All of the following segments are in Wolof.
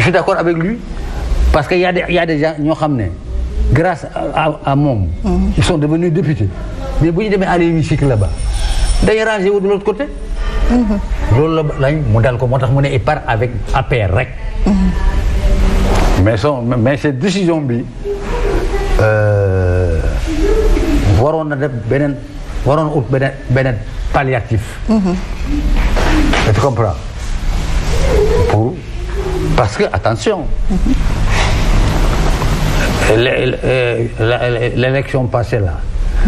je suis d' accord avec lui parce que y' a des y' ñoo xam ne grâce à à moom. Mm-hmm. ils sont devenus députés mais bu ñu demee à l'hémicycle là-bas day rangé wu de l' autre côté. Mm-hmm. loolu la lañ mu dal ko moo tax mu ne il part avec APR rek. Mm-hmm. mais son mais cette décision bi euh, waroon na def beneen waroon ut beneen beneen palliatif. tu comprends pour. Parce que, attention, euh, l'élection passée là,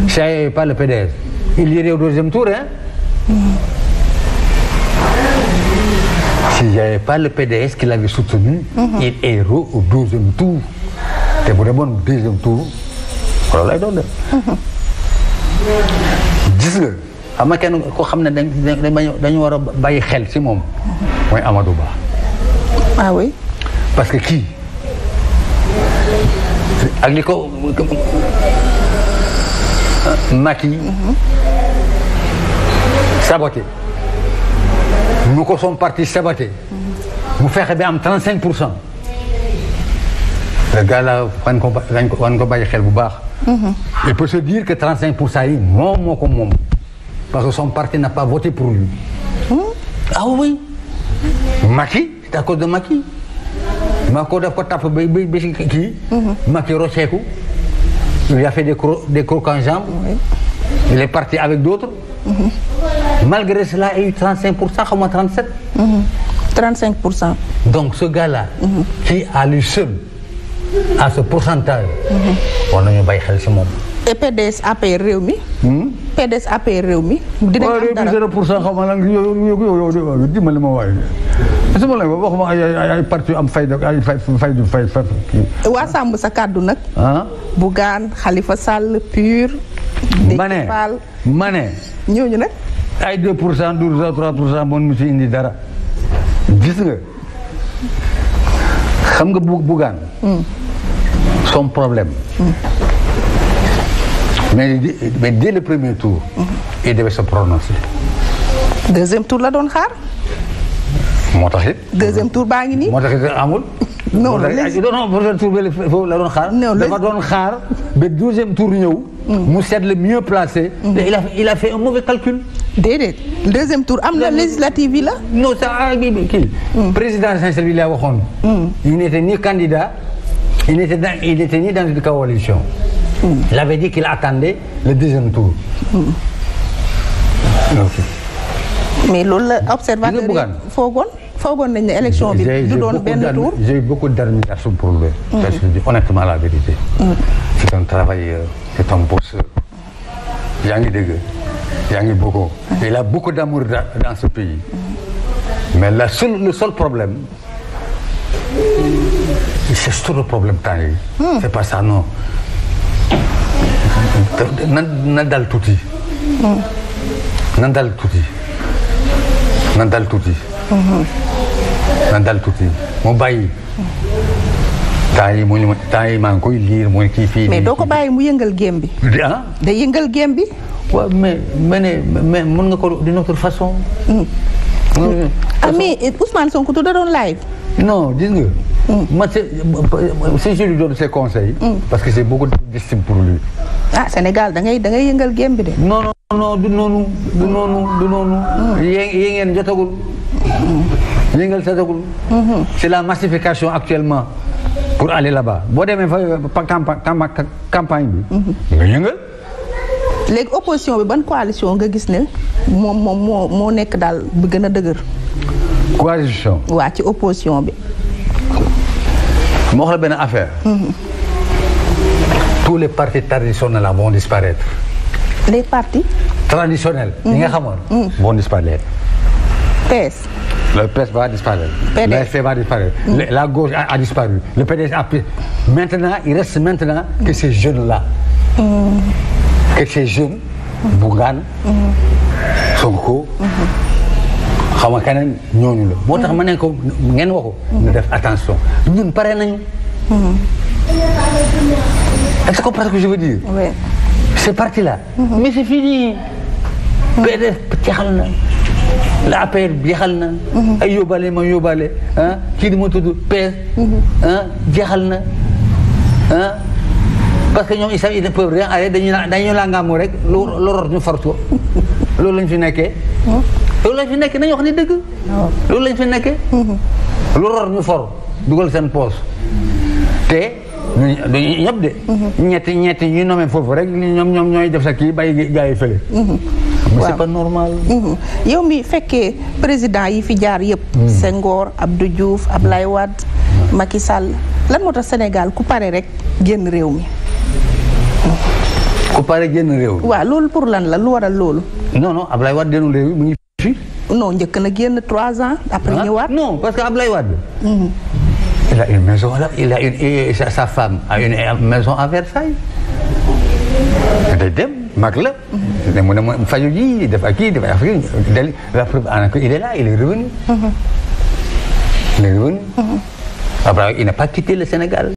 si il n'y avait pas le PDS, il irait au deuxième tour, hein S'il n'y avait pas le PDS qui l'avait soutenu, mhm. il irait au deuxième tour. C'est vraiment le deuxième tour. loolu lay doon de gis nga xam nga kenn koo xam ne dañ dañu war a bàyyi xel ci moom mooy Amadou Ba Ah parce que kii ak li ko Macky mu ko son parti saboté mu fexe bi am 35 pour cent le gars là wan ko wan ko bàyyi xel bu baax il mhm. peut se dire que pour cent yi moom moo ko parce que son parti n'a pas voté pour lui mhm. ah à cause de Macky Macky daf ko tàpp ba kii. Mhm. Macky roceeku il a fait des cro des il est parti avec d'autres mhm. malgré cela il y a eu 35 pour cent xaw ma 37. 35 pour cent. donc ce gars-là. Mhm. qui à lui seul à ce pourcentage. war nañu bàyyi xel si moom. et PDS APR réew mi. Hmm? PDS APR réew mi. dinañ pour cent xaw su la waxuma ay parti am fayda ay fay fay fay fay. waa sàmm sa kàddu nag. Ah? Bougane Khalifa Sall Pur. ma ne ñooñu nag. ay 2 pour cent 12 pour cent 3 pour cent moom mu si indi dara gis nga xam nga bu Bougane. Hmm. problème. Hmm. mais mais dès le premier tour. Hmm. il devait se prononcer. deuxième tour la doon xaar. moo tax it. deuxième tour baa ngi nii. moo tax it amul. non léegi non non tour bi foofu la deuxième tour ñëw. Mm. mu seet le mieux placé. Mm. a il a deuxième tour am la législative yi la. non ça ah, kii. Mm. président sincère bi laa waxoon. il n'était ni candidat. il n'était dans il n'était coalition. il avait dit qu'il deuxième tour. mais loolu la observateur yi foogoon. foogoon nañ ne élection bi du doon benn tour j'ai eu beaucoup d'admiration pour lui parce que honnêtement la vérité c'est mm-hmm. yaa ngi dégg ngi beaucoup mm-hmm. il a beaucoup d'amour dans ce pays mm-hmm. mais la seule le seul problème c'est surtout problème temps yi pas ça non na na dal tuuti na dal tuuti dal tuuti Uh-huh. na dal tuuti mu bàyyi. temps yi mu ne ma temps yi maa ngi koy liir mooy kii fii. mais doo ko bàyyi mu yëngal géem bi. ah day yëngal géem bi. mais ma mën nga ko d'une autre façon. Mm. ah mais eh, Ousmane Sonko da doon live. non gis du noonu du noonu du noonu. Mm. yéen yéen ngeen jotagul. yëngal setagul mhm. c'est la massification actuellement pour aller là-bas boo demee fa campagne bi mhm. nga yëngal léegi opposition bi ban coalition nga gis ne moom moom moo moo nekk daal bi gën a dëgër coalition waa ci opposition bi moo xam benn affaire mhm. tous les partis traditionnels la vont disparaître les partis traditionnels yi nga xamoon vont disparaître PS Le PS va disparaître. Le FP va disparaître. Mm. la gauche a, a, disparu. Le PDS a... Maintenant, il reste maintenant que ces jeunes-là, mm. que ces jeunes, Bougane, mm. Sonko, mm-hmm. xaw ma keneen ñooñu la. ma ne ko ngeen wax ko. ñu def attention ñun pare nañu. Mm-hmm. est-ce que parce que je veux dire. oui c'est parti là. Mm-hmm. mais c'est fini. PDS jeexal na. la APR jeexal na. Mhm. ay yóbbaale ma yóbbaale ah kii di ma tudd PS. Mhm. Ah, jeexal na ah parce que ñoom isam ils ne peuvent rien arrêter dañu naan dañu la rek lu lorot ñu far loolu lañ fi nekkee. Mhm. loolu lañ fi nekkee nañu wax ni dëgg. loolu lañ fi nekkee. lu lorot ñu for dugal seen poos te. ñëpp de ñetti ñetti ñu nommé foofu rek ñoom ñoom ñooy def sa kii bàyyi gaa yi fële mais c'est pas normal. Mm-hmm. yow mi fekkee président yi fi jaar yëpp. Mm. Senghor Abdou Diouf ab Wade Macky Sall lan moo tax Sénégal ku pare rek génn réew mi. ku pare génn réew waa waaw loolu pour lan la lu waral loolu. non non Ablaye Wade génn réew mi mu ngi fi. non njëkk na génn trois ans. après ah? ñëwaat non parce que Ablaye Wade. Mm-hmm. il a une maison là il a une sa femme a une maison à Versailles. mag la. mais mu ne ma faju ji dafa kii dafa affaire yi la preuve en est il est là il est revenu. il est revenu. après il n'a pas quitté le Sénégal.